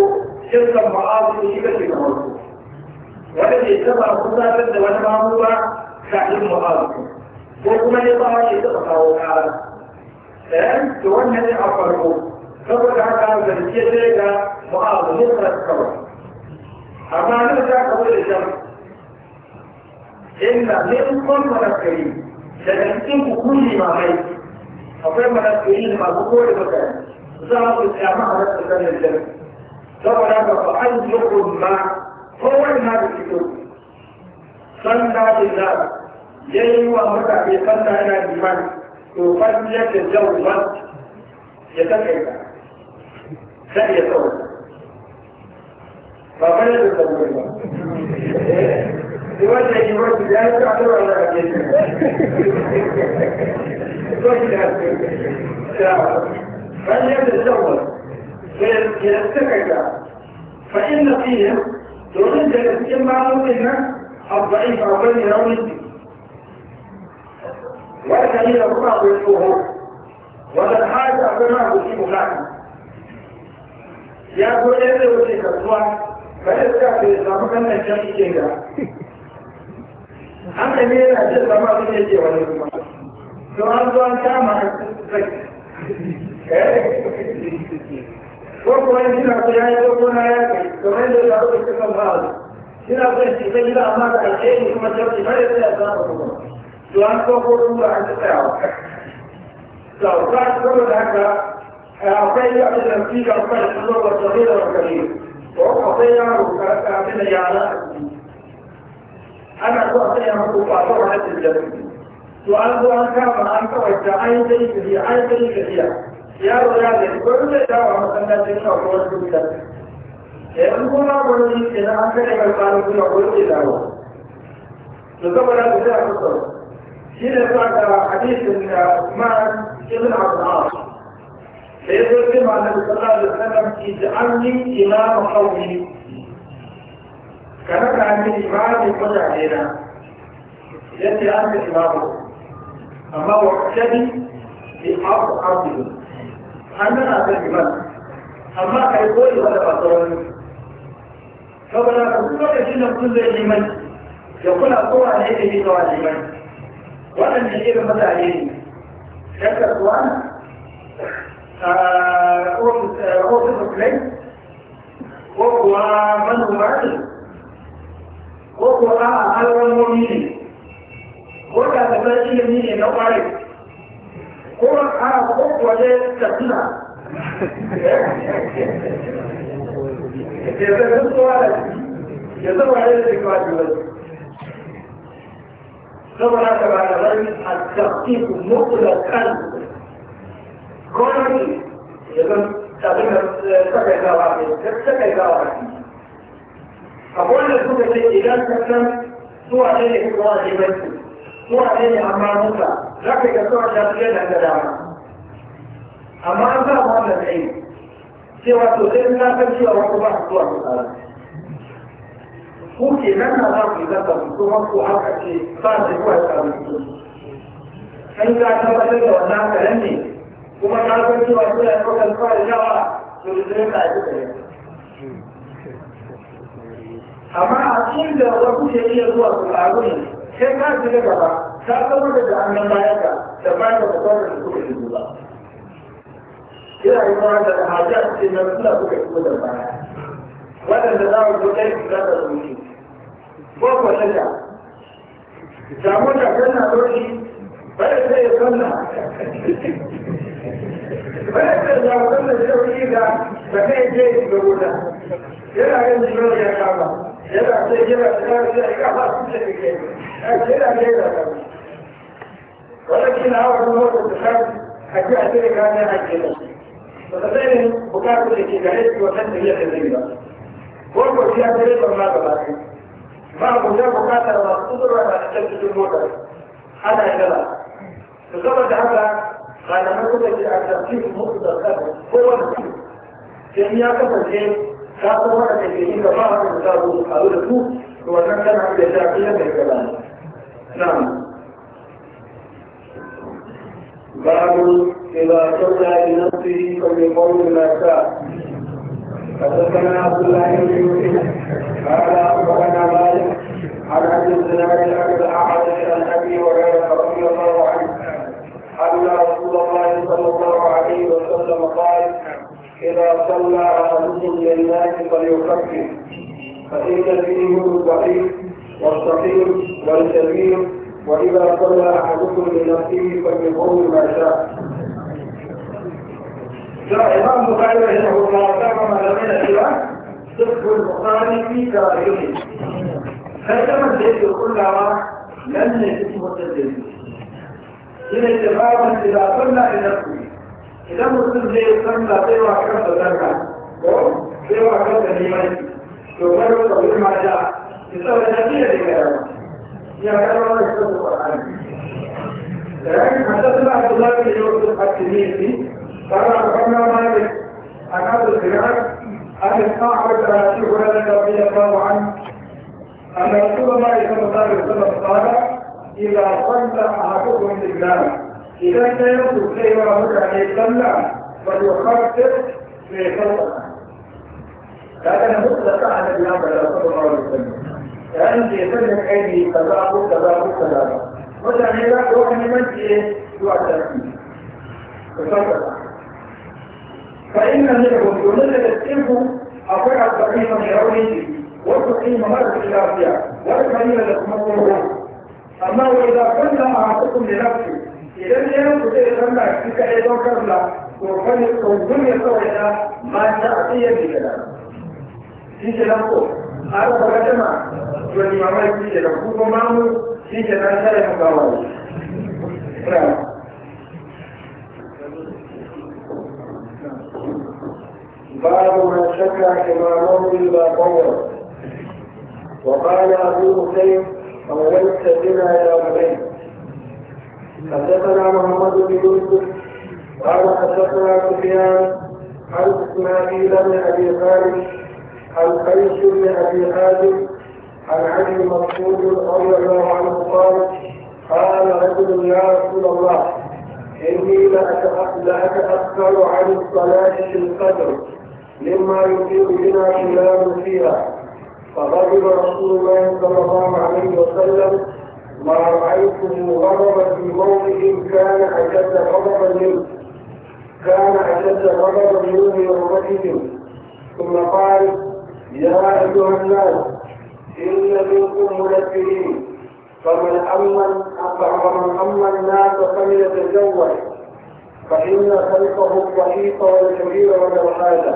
shirkan ma'azu shi kake na farko wanda ke taba kusatar da wani mamu ba kafin ma'azu ko kuma ne ba ke taba kawo kara ɗayan to wannan ne a farko saboda haka zarce sai ga ma'azu ne kawai amma nan za ka wuce shan inda ne kun manaskari daga cikin ku kuli mamai akwai manaskari masu kore mutane ظهر الإعماء على الإنسان الجنة ظهر هذا فأنفق الماء هو الماء الكتب صلى بالله يلي وأمرك في صلى إلى الإيمان يصلي تزوج يتكئ لا يتزوج فقال يتزوج يوجه يوجه لا يتعذر على الجنة يوجه بل يتزوج ويتكك فإن فيهم يريد أن يتجمع مؤمنا الضعيف أو بين روني والكليل الرقع بالشهور ولا الحاجة بما يصيب لك يا أبو إيه يوسف الصلاة فإذا في إسلامك أن الشيء كذا أما مين أجل ما بيجي ولا يسمع سؤال سؤال كامل ko ne kina ko ya ko ko na ya ko ne da ya ko kuma ba kina ko shi da ila amma da alheri kuma ta ci bare da za ku to an ko ko dun da an ta to ka ko da haka akwai ya da fi ga ba da zo ba da da kai ko akwai ya ko ka ka da ya la ana so a tsaya muku ba ba hadin da to an zo an kama an kawai ta ai dai kiriya ai dai kiriya yaro ya ga ko da dawa masallacin ka ko wasu da yan kuma gurin ke na an kai kalmar kuma gurin da dawa to saboda ku da ku so shi da saka hadisin da Usman ibn Abdul Aziz da ya zo ce ma'anar sallallahu alaihi wasallam ki ja'alni imamu qawmi kana ka ni imamu mutane na yace an ka imamu amma wa kadi bi haqqi annana ta liman amma ka yi koyi wanda ba sauran saboda ka kuma ka shi da kun zai liman ya kula kowa ne ke yi kawa liman waɗanda irin mutane ne ɗan kasuwa ofis musulai ko kuwa manoma ne ko kuwa a alwamomi ne ko da kasar ilimi ne na ƙwarai کھوڑا کھانا بہت وجہ چلنا کون چکن تو آج su a ne ne amfaninsa za ka ga kawai ta fiye da dama amma an sa mu wannan tsaye cewa to sai in na san cewa wani ba su zuwa su tsara ku ke nan na za ku yi zaka su kuma ku haka ce ba su zuwa su tsara su kai ka tabbatar da wannan karen ne kuma na san cewa suna ɗaukar kawai yawa to da zai ka aiki da yanzu amma a cikin da wasu ke iya zuwa su tsaro ne sai ka shiga gaba ta zama da annan bayan ka da bayan da ba da suka shigo ba ina yi ma da hajjar ce na suna suka shigo da baya waɗanda za mu zo ɗaya shiga da zuci ko ko shaka samu da kana doki bada sai ya sanna bada sai ya sanna da shi da da kai je ga wuta yana yin jiyo ya kama yana sai yana da zai kafa su da ke a kira ne da ba wannan shi na hawa kuma da tsari a ji a cire gane a ke da ba ta sai ne bukatu da ke gare shi wannan da yake zai ba ko ko shi ya tare ba ma ba ba ba ko ya bukata ba su da ba ta cikin motar ana gaba to saboda haka malamai kuma ke a tafi mutu da kan kowane su sai ya kasance Kasu waɗanda ke yi gaba haka da zaɓu a da su, to wannan tana da shafiya إذا صلى بنفسه فليقول ما شاء. حدثنا عبد الله بن يوسف قال أخبرنا مالك عن عبد الزناد عن الأعرج عن أبي هريرة رضي الله عنه إذا صلى أحدكم لله فليكفر فإن دينه الضعيف والصغير والكبير وإذا صلى أحدكم لنفسه فليقول ما شاء. جاء إمام بخاري رحمه الله تعالى ما لم ينسى صدق البخاري في كراهته. فكما الزيت كلها لم يتم التدريب. إن اتفاقا إذا صلى لنفسه idan mutum zai san ba zai wa kansa zarka ko zai wa kansa neman to kar ka wuri mata ki sa da nasiya da ya rawa ya karwa da shi da Qur'ani da ran hadathna Abdullah bin Yusuf at-Tirmidhi قال أخبرنا مالك عن أبي الزناد أن الصحابة رسول الله رضي الله عنه أن رسول الله صلى الله عليه وسلم قال إذا صلى أحدكم الإسلام idan ta yi su zai wa mutane sallah ba su kafir mai sauƙa ta ga na mutu da sa a nabi ya bada wasu ba wani sani yayin da ya sanya kai ne kaza ko kaza ko kaza ba mutane za su wata nemanci zuwa sarki ku sauƙa fa inna ne da gudu ne da tsinku akwai albarni mai rauni wasu ƙima mara lafiya wani kalila da kuma tsoro amma wa idan kunna a hukum da lafiya idan ya yi kuɗe kika sanda shi kaɗai don kansa to kan ya kawun ya kawai da ma ta a tsayar da gada shi ke nan ko a ga baka to ni ma mai shi ke nan ma mamu shi ke nan sai mu gawa ne. باب ba شكى حماره الى قوله وقال ابو حسين اولت حدثنا محمد بن يوسف قال حدثنا سفيان عن اسماعيل بن ابي خالد عن قيس بن ابي خالد عن علي مسعود رضي الله عنه قال قال رجل يا رسول الله اني لاتاخر عن الصلاه في القدر مما يطيق بنا فلان فيها فغضب رسول الله صلى الله عليه وسلم ما رأيته غضبا في موضع كان أشد غضبا منه كان أشد غضبا منه يومئذ ثم قال يا أيها الناس إن منكم منبهين فمن أمن فمن أمن الناس فليتزوج فإن خلقه الضعيف والكبير حاجة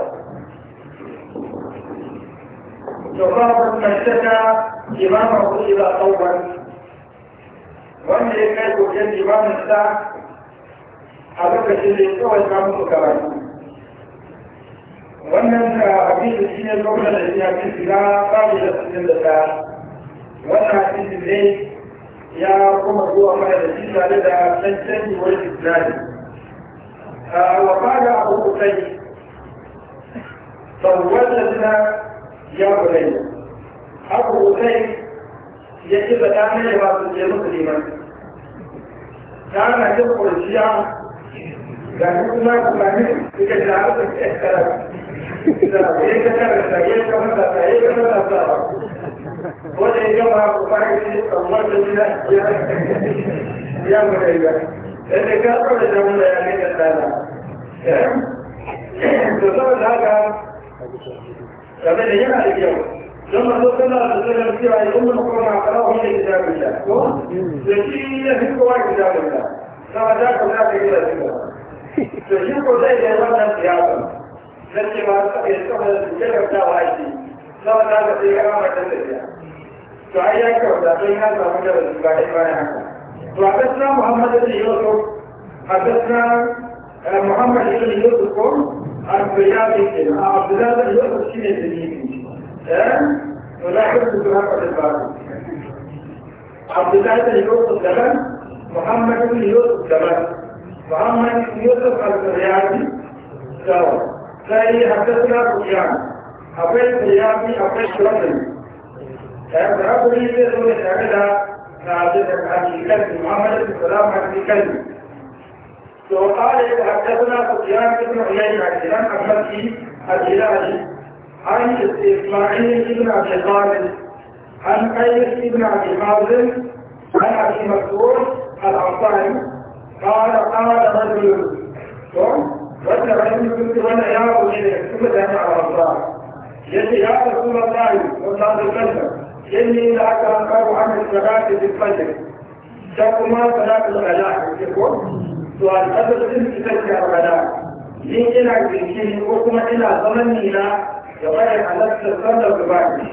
فقال من اشتكى إمامه إلى قوما wanda ya kai koken limanin sa a lokacin da ya kawai samun karatu wannan da abin da shi ne gwamna da shi abin shiga babu da sassan da ta wannan abin ne ya kuma zuwa mana da shi tare da ɗan canji wani islami wa fada abu kusai sauwar da suna ya bulai abu kusai ya ce ba ta mai ba su je musu neman ta na ce kurciya ga kuma kuma ne suka ji har su da ya ka kara da ya ka masa da ya ka masa da wanda ya gama ku ba ya ce kamar da ya ya mu da ya da ka tsara da mu da ya ne da tsara eh? to saboda haka kamar da yana da لما تقول لنا في أم مكرمة أعطاه هي كتاب الله تشيل إلى في القواعد كتاب الله كما جاءت إلى في القواعد تشيل قوتي إلى مدى ما استخدمت في كتاب الله كما جاءت في كرامة الدنيا فأي أكبر تقول لنا في مدى القواعد فأبسنا محمد بن محمد بن يوسف أبسنا محمد بن يوسف أبسنا محمد بن يوسف أبسنا بن يوسف أبسنا عبد الله بن يوسف كمان محمد بن يوسف كمان محمد بن يوسف الرياضي سوا ثاني حدثنا سفيان أبي الفريابي أبي الشرطي فأبو لي بيقول الشهادة نعجبك عن الكلب محمد بن سلام عن الكلب وقال حدثنا سفيان بن عيينة كلام أحمد الهلالي عن إسماعيل بن أبي خالد عن قيس بن أبي خالد عن أبي مسعود الأنصاري قال قال رجل وأنا رجل كنت وأنا يا أبو ثم جمع الأنصار يجي يا رسول الله صلى الله عليه وسلم إني لأتأخر عن الصلاة في الفجر تقوم صلاة الغداء يقول سؤال قدر تلك تلك الغداء ni ina kirkiri ko kuma ina zaman يبين على نفس القدر ببعضه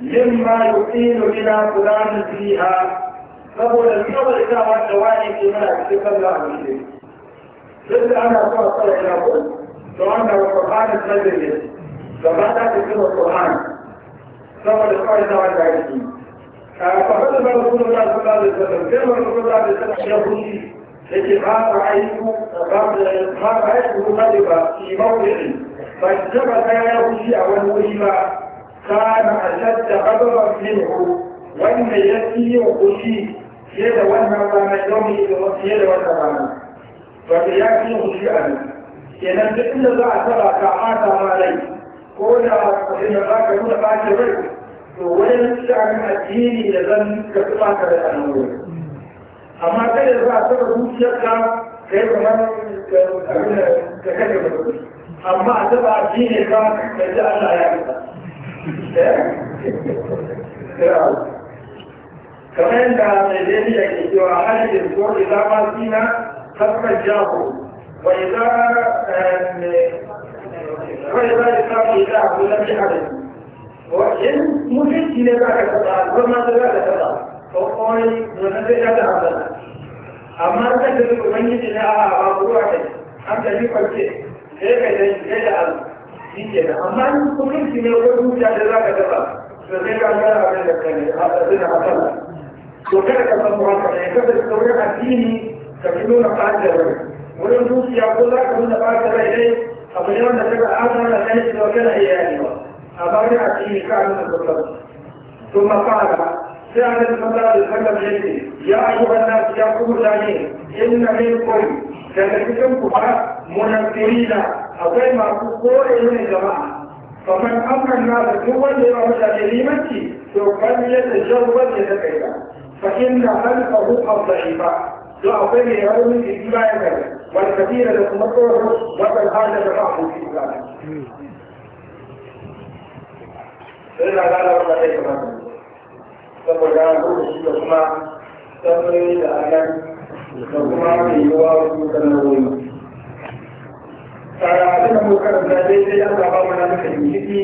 مما يقيل بنا فلان فيها saboda saboda ita wanda wani ke mana cikin sallah a wuce duk da ana so a tsara ina ko to wanda wa qur'ani sallah ne gaba ta ta cikin qur'ani saboda kawai da wanda yake فقد بلغ رسول الله صلى الله عليه وسلم كما رسول الله صلى الله عليه وسلم يقول التي ما رأيت ما رأيت غالبا في موضعي فاتبعنا له شعوى الوهما كان أشد غضبا منه وإن يأتي وقشي سيد وانا وانا يومي سيد وانا وانا فتياتي وقشي أنا إن الدين لا أترى كعاد علي كل إن راك كل بعد رك وين شعر الدين يزن كتبع كذا أما كذا أترى روسيا كيف ما كذا كذا كذا أما تبع فيه كان كذا لا إيه؟ كمان ده من ذي الجوار إذا ما فينا خطب جابه وإذا آه، وإذا إذا إذا أقول لك حد وإن مجد كده بعد كده وما تبع كده فقولي من ذي هذا هذا أما أنت تقول مني إذا أبغى أروح أنت ليك sai ka yi shiga da abu shi ke nan amma in kuɗin shi ne wani hujja da za ka dafa to sai ka gara abin da ka ne a tsarki da hasala to kada ka san haka ne kada ka wurin addini ka fi nuna ɓata rai wurin zuciya ko za ka nuna ɓata rai dai abu ne wanda daga azan da kai shi da wani iyali ba amma wani addini ka nuna tabbaci ثم قال سعر المطار الحكم يا أيها الناس يا قوم إن منكم كذلكم كفار منفرين أقول ما قول من الجماعة فمن أمر الناس دول لرمشة جريمتي فقد يتجرد يتكيدا فإن خلقه الضعيف لا أقول يوم الإجماع والكثير لكم الضر وبالحاجة لفعل في ذلك. إلا لا لا لا saboda lokaci da kuma tsammani da anan da kuma mai yiwuwa wasu sanarwoyi tara da mu karanta dai-dai, an gaba mana muka yi ciki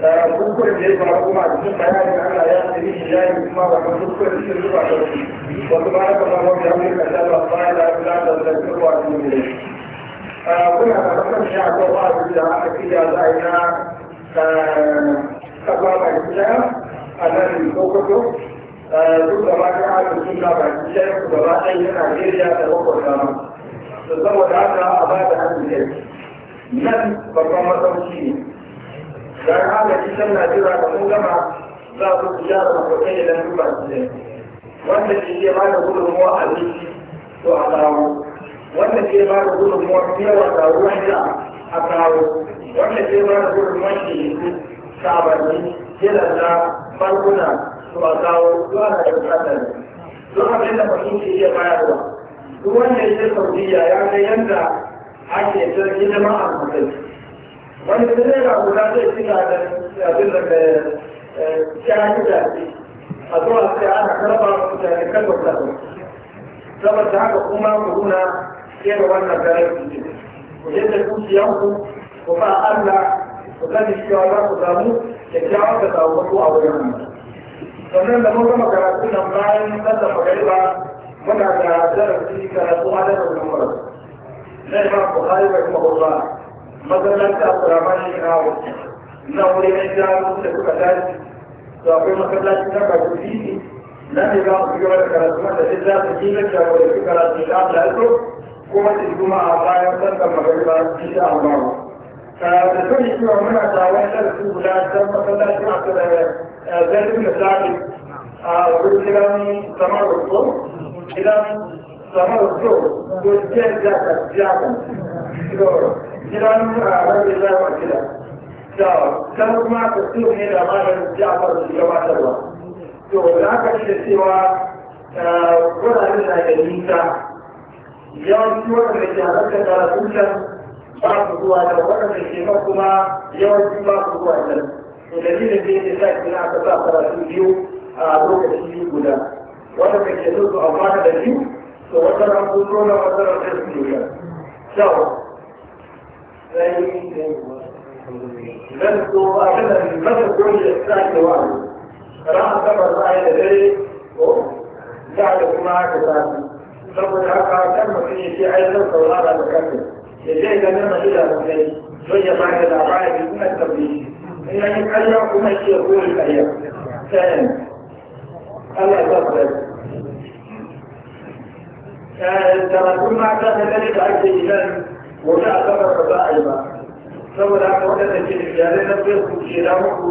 tara kuskure da ya faru kuma a cikin bayanin Allah ya tsiri shi ya yi kuma wata kuskure da shi ba ta wasu ba haka ba wanda ya mulka ta ba ba da kula da zarafin wa su ne kuna da kasar shi a kan wa'azi da aka fi da za a yi na eh, kaba mai gida a nan sokoto duk da ma kan haka suna ba ki shayar da ba ɗan yana Najeriya da bakwai dama. Da saboda haka a ba da haɗin kai. Nan babban matsauci ne. Dan haka kisan Najeriya da mun gama za su fi yara makwakai idan duk ba su ne. Wanda ke iya ba da gudunmuwa a zuci to a dawo. Wanda ke ba da gudunmuwa yawa da ruwan da a kawo. Wanda ke ba da gudunmuwa shi ne sabanni jiranta bankuna shugakawo zuwa da bukatar don abin da mutum ke iya bayarwa duk wanda ya ce saudiya ya kai yadda ake jirgin jama'a mutum wani da zai ga guda zai fi da abin da ke kyaki da a zuwa sai ana karba mutane kan gwamnati saboda haka kuma ku nuna kera wannan garin ku yadda kuciyanku ku ba Allah ku gani cewa za ku samu kyakkyawan da tsawon a wajen mu sannan da mun gama karatu nan bayan sallar magariba muna da darasi karatu a da umar na imam bukhari bai kuma hulba masallaci abdurrahman ne kawo na wuri na jaru da suka tashi to akwai masallaci na kakuri ne na ne za mu gaba da karatu wanda duk za su kila da wani karatu da Allah ya so kuma da juma'a bayan sallar magariba insha Allah da sani cewa muna da wani ɗarfi guda don masallaci masu da zaitun da zaɓi a wurin gidan zama rosso gidan zama rosso ko jiyar jaka jaka gidan rabin zama gida da kan kuma ka su ne da malar jafar su gabatarwa to da aka shi da cewa wuraren na da nisa yawanci waɗanda ke halarta karatun can ba su zuwa da waɗanda ke ma kuma yawanci ba su zuwa can to dalilin da yake sa kina aka sa karatu biyu a lokaci guda waɗanda ke so su amfana da biyu to wata ran kun zo na wata ran sai su yi kyau zan so a kan da masa koyi da sa ke wa'azi ra'a sabar ra'ayi da dare ko da kuma da safi saboda haka kan mutum ya ce ai zan saurara da kanka zai ga nama ila kai don ya ba da labari kuma tabbaci in yi kallon kuma ke koyi kariya sanin Allah ya ba karatun mata na gani da ake yi nan wata asabar ba za a yi ba saboda haka waɗanda ke da iyalai na facebook ke da muku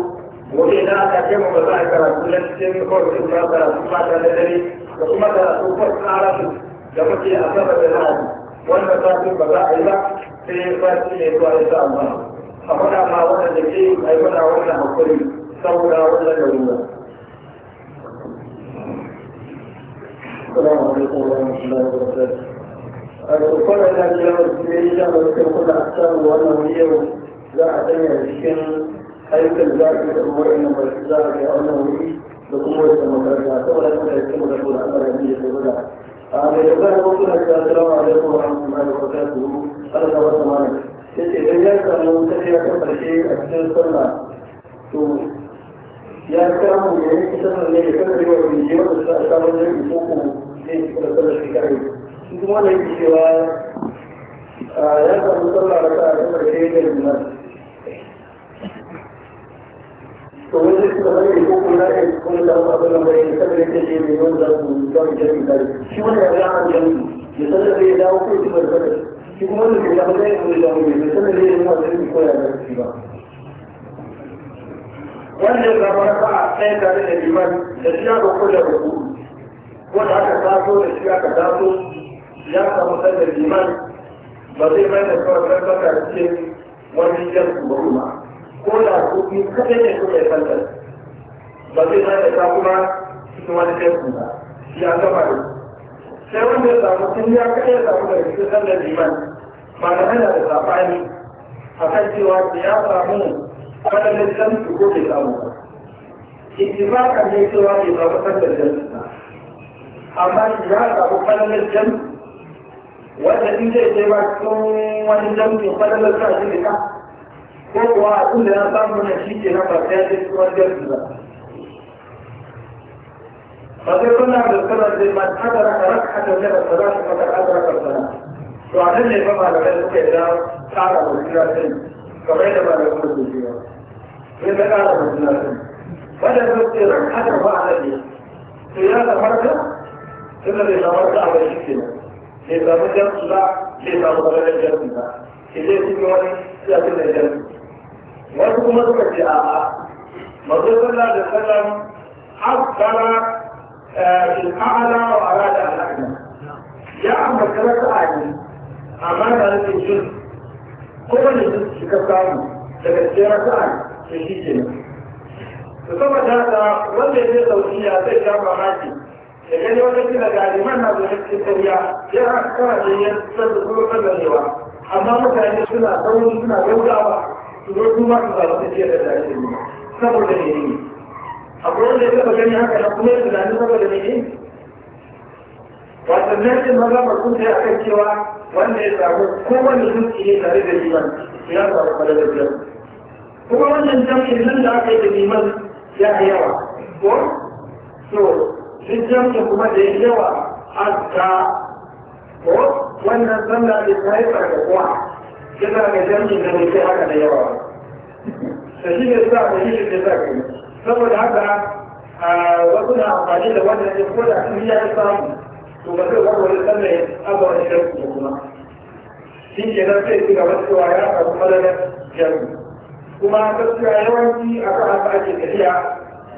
wani idan aka ce mu ba za a karatu na cikin kwarfin ba karatu mata na gani da kuma karatu kwarfin arabu da muke asabar da lahadi wanda satin ba za a yi ba sai ya sati ne zuwa ya sa Allah a faɗa ma waɗanda ke yi a yi faɗa wannan hakuri saboda wannan larura. Assalamu alaikum wa rahmatullahi wa barakatuh. Alƙurƙon da ta jiya wasu ne ya sha wasu kuna a samu wannan yau za a sanya cikin ayyukan za a yi da umarnin da za a yi a wannan wuri da kuma wata makaranta saboda kuma da kuma da kuma da kuma da kuma da لذلك قلت لك السلام عليكم ورحمه الله وبركاته هذا هو الثمانية idan ya samu tafiya ta ƙarshe a cikin sallah to ya samu ya yi kusan ne ya kan rewa da je wanda suka samu da yi koko zai ci da sallah shi kare kuma da yake cewa ya samu sallah da ta ƙarshe da yi to wani suka zai ko kuma ya yi kuma da abin kuma yi da yi ba wanda ɗaya tare da liman da shi ya roƙo da roƙo wanda aka taso da shi aka taso ya samu sanda liman ba zai mai da kawai karkata cikin wani jan kuma ko da kuɗi biyu kaɗai ne kuma yi sallar ba zai mai ta kuma cikin wani teku ba shi an gama sai wanda ya samu sun ya kaɗai ya samu daga cikin liman ba da hana da saɓani a kan cewa da ya samu wadannan shamsu ko bai samu ba ittifaqan ne cewa bai samu sallar shamsu ba amma ya samu wadannan shamsu wanda in zai ce ba cikin wani shamsu wadannan sa shi ne ka ko kuwa abin da na samu na shi ke na farkon da kuma jirgin ba. Fasai suna da suna da man adara a raka da wani rasa za su mata adara karsana. To a nan ne ba malamai suka yi da tsara wasira sai kamar yadda malamai suka yi da sai da tsara wasira sai. Wadda su ce raka da ba a nan ne. To ya zamar da suna da zamar da a wani shi ke nan. Bai samu jamsu ba, bai samu ƙwararren jamsu ba. Ke zai cikin wani ya fi da jamsu. wasu kuma suka ce a'a mazo sallah da sallam hakkara ilka'ala wa ala da alaƙa ya ambata rasa ayi amma da nufin jin kowane jin shi ka samu daga cikin rasa ayi da shi ke nan da saboda haka wanda ya zai sauki ya zai sha mamaki da gani wata kila galiman na zuwa cikin kariya ya hakkara ne ya sassa zuwa sallamewa amma mutane suna sauri suna gaugawa su kuma su ba su tafiya da zalunci ne saboda ne ne akwai wanda ya taɓa gani haka na kuma yin zalunci saboda ne ne wasannin din maza ba sun kai akan cewa wanda ya samu kowane zuci ne tare da liman ya samu kwallon biyar kuma wannan jam'in nan da aka yi da liman ya yi yawa ko so shi jam'in kuma da ya yawa azka ko wannan sallah da ta yi tsarkakuwa yana ga jam'in da bai kai haka da yawa da shi ne sa da shi ne sa kai saboda haka wasu na amfani da wannan ne ko da sun ya samu to ba zai warware sannan abubuwan shirku da kuma shi ke nan sai su gaba cewa ya samu malalar shirku kuma ta gaskiya yawanci a kan haka ake tafiya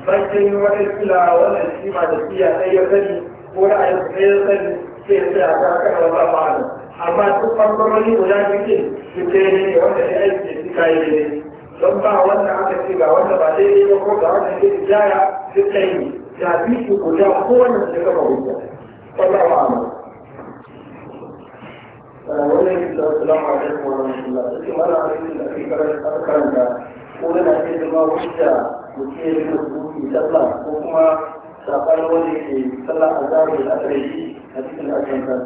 bakin wani kila wannan shi ma da siya sai ya sani ko ra'ayin sai ya sani sai ya tsaya kan kan wata ma'ana amma duk ɓangarori guda cikin su ce ne wanda ya aiki su kayi ne don ba wanda aka ce ga wanda ba daidai ba ko ga wanda ke jaya su kai ne da bi su guda kowane su gaba hujja wallahu wa rahmatullah da karanta ko zama ko kuma sakamakon wani ke sallah a zaɓi a ƙarshe a cikin ajiyar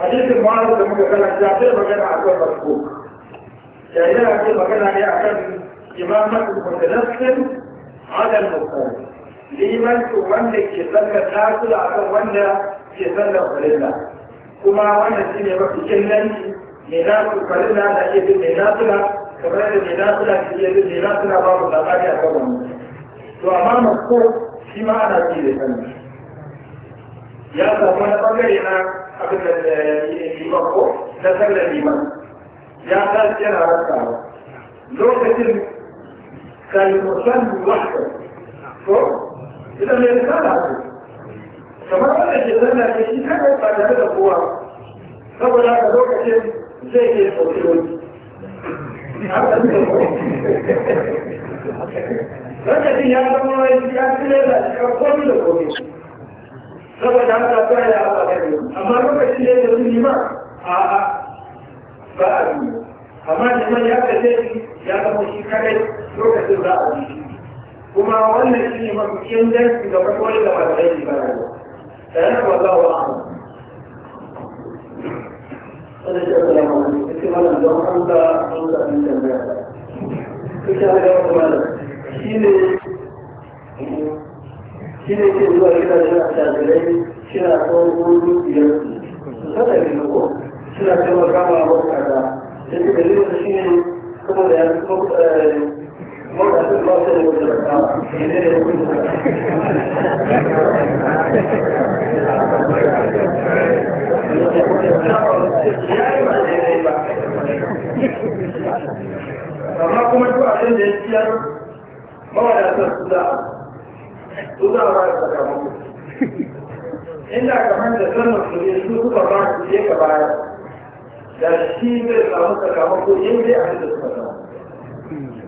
حديث المعارض لما كان الزعفير مكان عزوى يعني جاءنا عزوى مكان عليه يعني عشان إمامك المتنسل على المقام لمن تمنك جزنة تاكل على من لا جزنة فلنا كما وانا سيما في جنة ميناس فلنا لأيه بميناسنا كبير ميناسنا كبير ميناسنا بارو لغاية أكبر تو أمام القوة فيما أنا فيه يعني. يا سبحانه وتعالى abin da eh, liman ko na sallar liman ya tashi yana rakawa lokacin kalmusan wahda ko ita ne da kana ko kamar wanda ke zanna ke shi kada ba tare da kowa saboda haka lokacin zai ke sauke wani lokacin ya zama wani ya fi da shi komi da komi saboda haka ba ya hawa da ne amma lokacin da ya zama ma a a ba a yi amma liman ya kace ya zama shi kadai lokacin za a yi kuma wannan shi ne mafi inganci ga wani da masu aiki ba rayuwa sanar da Allah wa amma Wani shi aka lama wani, ita mana don an ga an ga an tambaya. Ita ga wani shi ne shi ne ke zuwa yana shira shagirai shira tsawon gudu biyar su sana biyu ko shira taimaka ma wata kaza da shi dalilin shi ne kuma da ya kuma eh, wata sun ba kuma da wata kaza shi ne da kuma kuma duk abin da ya ciyar mawadatar su da duka ba da sakamako inda kamar da sanar su ne su suka ba su je ka baya da shi zai samu sakamako yin dai a da suka samu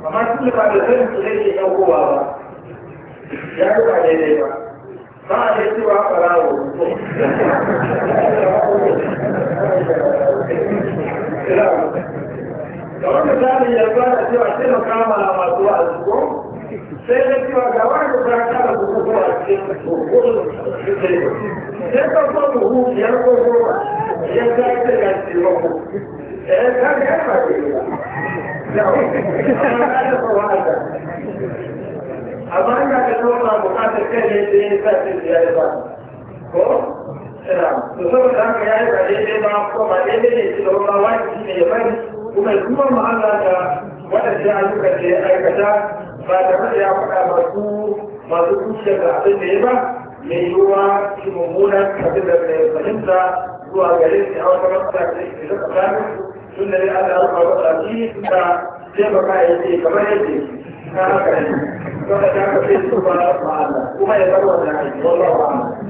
amma su ba da sanar su ne ke ɗaukowa ba ya yi ba daidai ba ba a da cewa a farawo da zamu yarda da cewa taimaka masu wa'azi ko sai da cewa ga wani da ta kara da kuma a cikin kokonin sai ya koko ta ce ya ce ba ku eh ka ga ba ke ba amma ina da noma ne da ya ba ko to saboda haka ya yi ba daidai ba ko ba daidai ne shi da wani wani ne ya bari kuma kuma ma'ana da waɗanda ayyukan da ya aikata ba da ya faɗa masu masu tushe da abin da ya ba mai yiwuwa shi mummunan abin da ya fahimta zuwa gare shi a wata matsala da ya zaka gani tun da ya ala rufa matsala shi da sai ba ka yi kamar ya ce ka haka ne. Kuma da ba kuma ya zama da